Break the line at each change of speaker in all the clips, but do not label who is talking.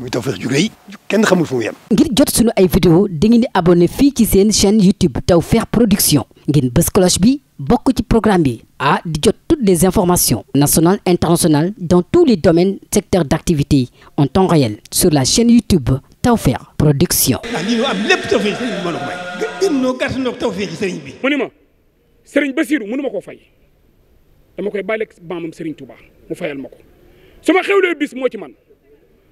muy Tawfekh ju rëy kenn xamul fu mu yem. ngir jot sunu ay vidéo dangeen di abonné fii ci seen chaîne YouTube Tawfekh Production ngeen bës cloche bi bokk ci programme bi ah di jot toutes les informations nationales internationales dans tous les domaines secteurs d'activité en temps réel sur la chaîne YouTube Tawfekh Production.
ah lii am lépp Tawfekh sëriñ bi ma la may. gën noo gàtt noo Tawfekh sëriñ bi. mu ni ma sëriñ Basiiru mënu ma koo fay dama koy bàyyi ak maamam sëriñ Touba mu fayal ma ko su ma xewlee bis moo ci man.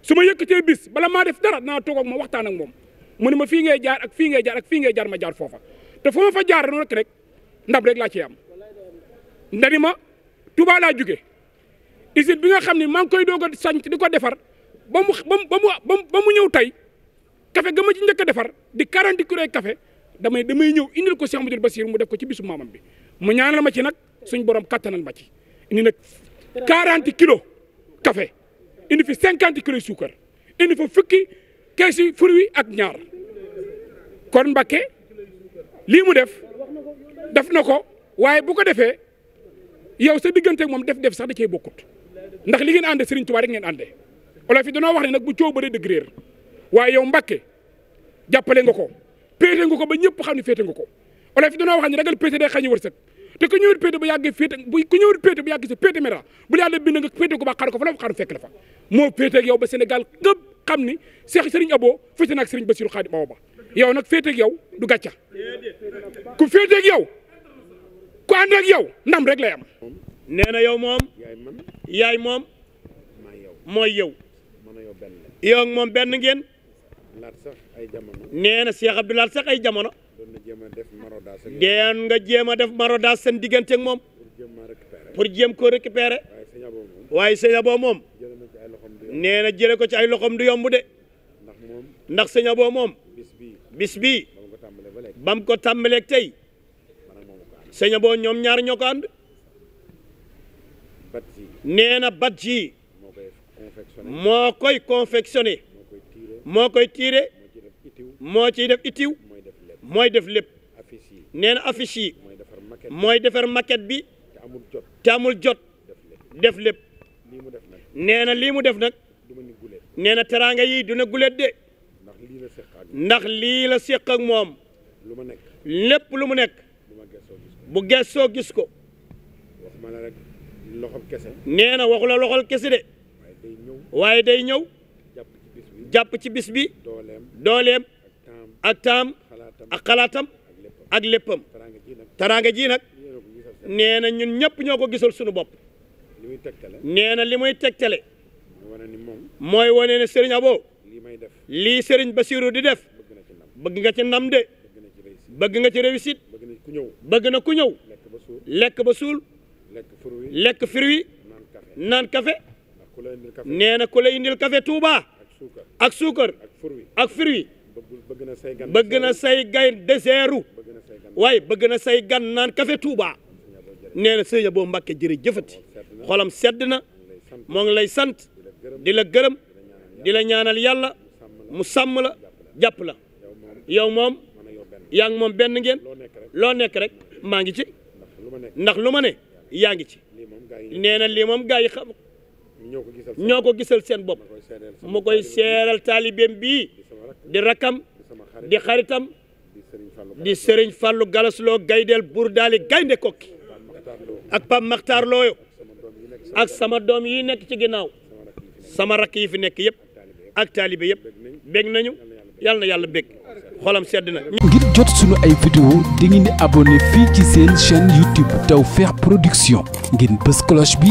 su ma yëkkatee bis bala maa def dara naa toog ak waxtaan ak moom mu ne ma fii ngay jaar ak fii ngay jaar fii ngay jaar ma jaar foofa te fu fa jaar noonu rek ndab rek laa cee am ndani ma Touba laa jóge usine bi nga xam ne maa ngi koy doog a sañ di ko defar ba mu ba mu ba mu ñëw tey café ga ma ci njëkk a defar di 40 kilos kafe damay damay ñëw indil ko Cheikh ba Bassir mu def ko ci bisu maamam bi mu ñaanal ma ci nag suñ borom kattanal ma ci indi nag 40 kilos café indi fi cinquante kilos suukar indi fa fukki keesi fruits ak ñaar kon Mbakke lii mu def def na ko waaye bu ko defee yaw sa diggante moom def-def sax da cee bokkut ndax li ngeen ànde Serigne Touba rek ngeen àndee olof yi danoo wax ne nag bu coow bëree dëgg réer waaye yow Mbakke jàppale nga ko péete nga ko ba ñëpp xam ni feete nga ko olof yi danoo wax ne ragal péete day xañu wërsëg te ku ñëwul péete bu yàggee féete bu ku ñëwul péete bu yàggee sa péete mera bu yàlla bind nga péete ko ba xaar ko fa la xaar fekk la fa moo féeteeg yow ba Sénégal gëpp xam ni Cheikh Serigne Abo féete na ak Serigne Bassirou Khadim Awa Ba yow nag féeteeg yow du gàcca ku féeteeg yow ku ànd ak yow ndam rek lay am nee
na yow moom yaay moom mooy yow yow ak moom benn ngeen nee na Cheikh Abdou Lahad sax ay jamono deen nga jéem a def marodage seen diggante ak moom pour jéem koo récupérer waaye sëñ boo moom nee na jële ko ci ay loxoom du yomb de ndax sëñ Abo moom bis bii ba ko tàmbaleeg tey sëñ Abo ñoom ñaar ñoo ko ànd nee na bat ji moo koy confectionné moo koy tiire moo ciy def itiw mooy def lépp nee na affiche yi mooy defar maquette bi te amul jot def lépp nee na lii mu def nag nee na teraanga yi duna gulet de ndax lii la séq ak moom lépp lu mu nekk bu gëstoo gis ko nee na waxu la loxol kese de waaye day ñëw jàpp ci bis bi dooleem ak taam ak xalaatam ak léppam taraanga ji nag nee na ñun ñëpp ñoo ko gisal sunu bopp nee na li muy tegtale mooy wane ne Serigne Abo lii Serigne Bassirou di def bëgg nga ci ndam de bëgg nga ci réussite bëgg na ku ñëw lekk ba suul lekk fruit naan café nee na ku la indil café Touba ak suukar ak fruit
bëgg na say gan bëgg
na say gay deseeru waaye bëgg na say gan naan kafe tuuba nee na sëñ boo Mbàkke jërëjëfati xolam sedd na moo ngi lay sant di la gërëm di la ñaanal yàlla mu sàmm la jàpp la yow moom yaa moom benn ngeen loo nekk rek maa ngi ci ndax lu ma ne yaa ngi ci nee lii moom gaa ñoo ko gisal seen bopp mu koy seeral taalibeem bii di rakkam di xaritam di Serigne Fallou Gallas Lo gaydeel Bourdaali gaynde kokki ak Pape Makhtar Looyo ak sama doom yi nekk ci ginnaaw sama rakk yi fi nekk yëpp ak taalibe yëpp bég nañu yàlla na yàlla bég xolam sedd na.
ngir jot sunu ay vidéo di ngeen di fii ci seen chaîne YouTube Tawfekh Production ngeen bës cloche bi.